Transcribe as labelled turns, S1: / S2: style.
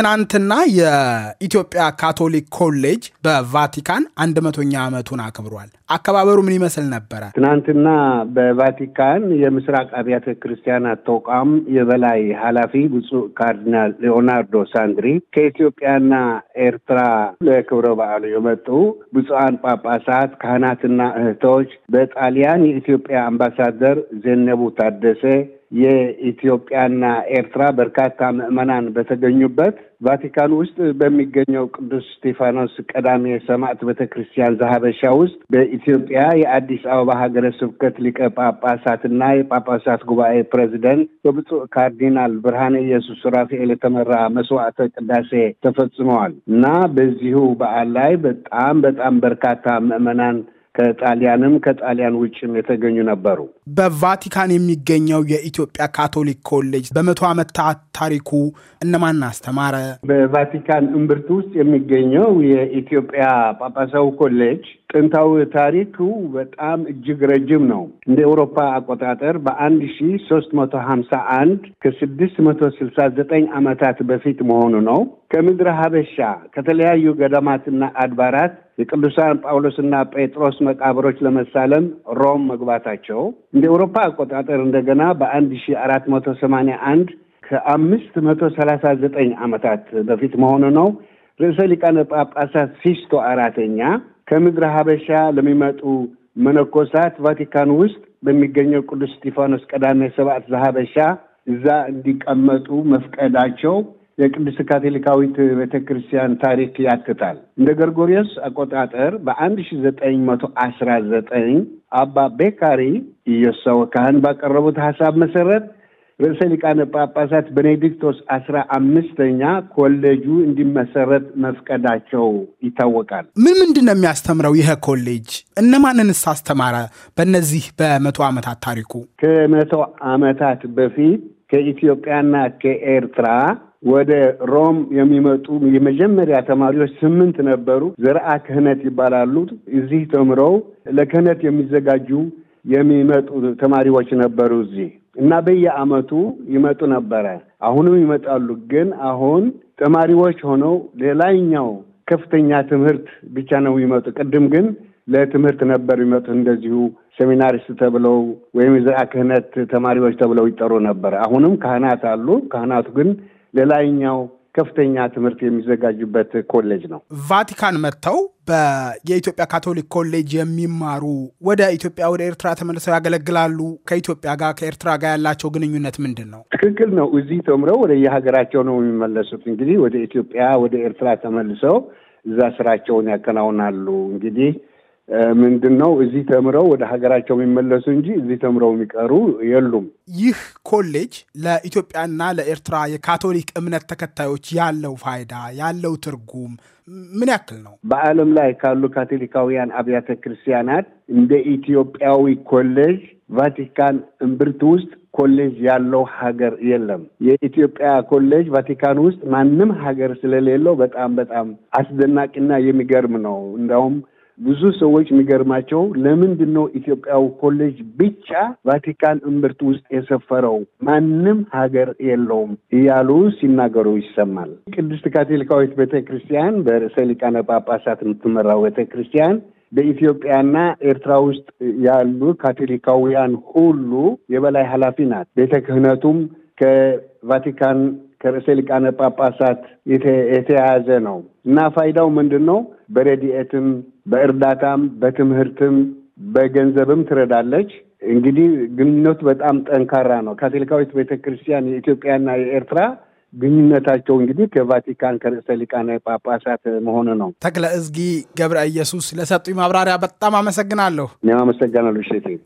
S1: ትናንትና የኢትዮጵያ ካቶሊክ ኮሌጅ በቫቲካን አንድ መቶኛ ዓመቱን አክብሯል። አከባበሩ ምን ይመስል ነበረ?
S2: ትናንትና በቫቲካን የምስራቅ አብያተ ክርስቲያናት ተቋም የበላይ ኃላፊ ብፁዕ ካርዲናል ሊዮናርዶ ሳንድሪ ከኢትዮጵያና ኤርትራ ለክብረ በዓሉ የመጡ ብፁዓን ጳጳሳት፣ ካህናትና እህቶች በጣሊያን የኢትዮጵያ አምባሳደር ዘነቡ ታደሰ የኢትዮጵያና ኤርትራ በርካታ ምዕመናን በተገኙበት ቫቲካን ውስጥ በሚገኘው ቅዱስ ስቴፋኖስ ቀዳሜ ሰማዕት ቤተ ክርስቲያን ዘሀበሻ ውስጥ በኢትዮጵያ የአዲስ አበባ ሀገረ ስብከት ሊቀ ጳጳሳትና የጳጳሳት ጉባኤ ፕሬዚደንት በብፁዕ ካርዲናል ብርሃነ ኢየሱስ ራፋኤል የተመራ መስዋዕተ ቅዳሴ ተፈጽመዋል እና በዚሁ በዓል ላይ በጣም በጣም በርካታ ምዕመናን ከጣሊያንም ከጣሊያን ውጭም የተገኙ ነበሩ።
S1: በቫቲካን የሚገኘው የኢትዮጵያ ካቶሊክ ኮሌጅ በመቶ ዓመታት ታሪኩ እነማን አስተማረ?
S2: በቫቲካን እምብርት ውስጥ የሚገኘው የኢትዮጵያ ጳጳሳዊ ኮሌጅ ጥንታዊ ታሪኩ በጣም እጅግ ረጅም ነው። እንደ ኤውሮፓ አቆጣጠር በአንድ ሺ ሶስት መቶ ሀምሳ አንድ ከስድስት መቶ ስልሳ ዘጠኝ ዓመታት በፊት መሆኑ ነው። ከምድረ ሀበሻ ከተለያዩ ገዳማትና አድባራት የቅዱሳን ጳውሎስና ጴጥሮስ መቃብሮች ለመሳለም ሮም መግባታቸው እንደ ኤውሮፓ አቆጣጠር እንደገና በአንድ ሺ አራት መቶ ሰማኒያ አንድ ከአምስት መቶ ሰላሳ ዘጠኝ ዓመታት በፊት መሆኑ ነው። ርዕሰ ሊቃነ ጳጳሳት ሲስቶ አራተኛ ከምድረ ሀበሻ ለሚመጡ መነኮሳት ቫቲካን ውስጥ በሚገኘው ቅዱስ ስጢፋኖስ ቀዳሜ ሰባት ዘሀበሻ እዛ እንዲቀመጡ መፍቀዳቸው የቅድስት ካቶሊካዊት ቤተ ክርስቲያን ታሪክ ያትታል። እንደ ገርጎሪዮስ አቆጣጠር በአንድ ሺ ዘጠኝ መቶ አስራ ዘጠኝ አባ ቤካሪ ኢየሳው ካህን ባቀረቡት ሀሳብ መሰረት ርዕሰ ሊቃነ ጳጳሳት ቤኔዲክቶስ አስራ አምስተኛ ኮሌጁ እንዲመሰረት መፍቀዳቸው ይታወቃል።
S1: ምን ምንድን ነው የሚያስተምረው ይህ ኮሌጅ? እነማንንስ አስተማረ? በእነዚህ በመቶ ዓመታት ታሪኩ
S2: ከመቶ ዓመታት በፊት ከኢትዮጵያና ከኤርትራ ወደ ሮም የሚመጡ የመጀመሪያ ተማሪዎች ስምንት ነበሩ። ዘርአ ክህነት ይባላሉ። እዚህ ተምረው ለክህነት የሚዘጋጁ የሚመጡ ተማሪዎች ነበሩ እዚህ እና በየዓመቱ ይመጡ ነበረ። አሁንም ይመጣሉ። ግን አሁን ተማሪዎች ሆነው ሌላኛው ከፍተኛ ትምህርት ብቻ ነው የሚመጡ። ቅድም ግን ለትምህርት ነበር የሚመጡት። እንደዚሁ ሴሚናሪስት ተብለው ወይም የዘርዓ ክህነት ተማሪዎች ተብለው ይጠሩ ነበር። አሁንም ካህናት አሉ። ካህናቱ ግን ለላይኛው ከፍተኛ ትምህርት የሚዘጋጅበት ኮሌጅ ነው።
S1: ቫቲካን መጥተው በየኢትዮጵያ ካቶሊክ ኮሌጅ የሚማሩ ወደ ኢትዮጵያ ወደ ኤርትራ ተመልሰው ያገለግላሉ። ከኢትዮጵያ ጋር ከኤርትራ ጋር ያላቸው ግንኙነት ምንድን
S2: ነው? ትክክል ነው። እዚህ ተምረው ወደ የሀገራቸው ነው የሚመለሱት። እንግዲህ ወደ ኢትዮጵያ ወደ ኤርትራ ተመልሰው እዛ ስራቸውን ያከናውናሉ። እንግዲህ ምንድን ነው እዚህ ተምረው ወደ ሀገራቸው የሚመለሱ እንጂ እዚህ ተምረው የሚቀሩ የሉም።
S1: ይህ ኮሌጅ ለኢትዮጵያና ለኤርትራ የካቶሊክ እምነት ተከታዮች ያለው ፋይዳ ያለው ትርጉም
S2: ምን ያክል ነው? በዓለም ላይ ካሉ ካቶሊካውያን አብያተ ክርስቲያናት እንደ ኢትዮጵያዊ ኮሌጅ ቫቲካን እምብርት ውስጥ ኮሌጅ ያለው ሀገር የለም። የኢትዮጵያ ኮሌጅ ቫቲካን ውስጥ ማንም ሀገር ስለሌለው በጣም በጣም አስደናቂና የሚገርም ነው። እንዲያውም ብዙ ሰዎች የሚገርማቸው ለምንድን ነው ኢትዮጵያው ኮሌጅ ብቻ ቫቲካን እምብርት ውስጥ የሰፈረው ማንም ሀገር የለውም እያሉ ሲናገሩ ይሰማል። ቅድስት ካቶሊካዊት ቤተክርስቲያን በርዕሰ ሊቃነ ጳጳሳት የምትመራው ቤተክርስቲያን በኢትዮጵያና ኤርትራ ውስጥ ያሉ ካቶሊካውያን ሁሉ የበላይ ኃላፊ ናት። ቤተ ክህነቱም ከቫቲካን ከርዕሰ ሊቃነ ጳጳሳት የተያያዘ ነው እና ፋይዳው ምንድን ነው? በረድኤትም፣ በእርዳታም፣ በትምህርትም በገንዘብም ትረዳለች። እንግዲህ ግንኙነቱ በጣም ጠንካራ ነው። ካቶሊካዊት ቤተክርስቲያን የኢትዮጵያና የኤርትራ ግንኙነታቸው እንግዲህ ከቫቲካን
S1: ከርዕሰ ሊቃነ ጳጳሳት መሆኑ ነው። ተክለ እዝጊ ገብረ ኢየሱስ ለሰጡኝ ማብራሪያ በጣም አመሰግናለሁ።
S2: እኔም አመሰግናለሁ ሼቴ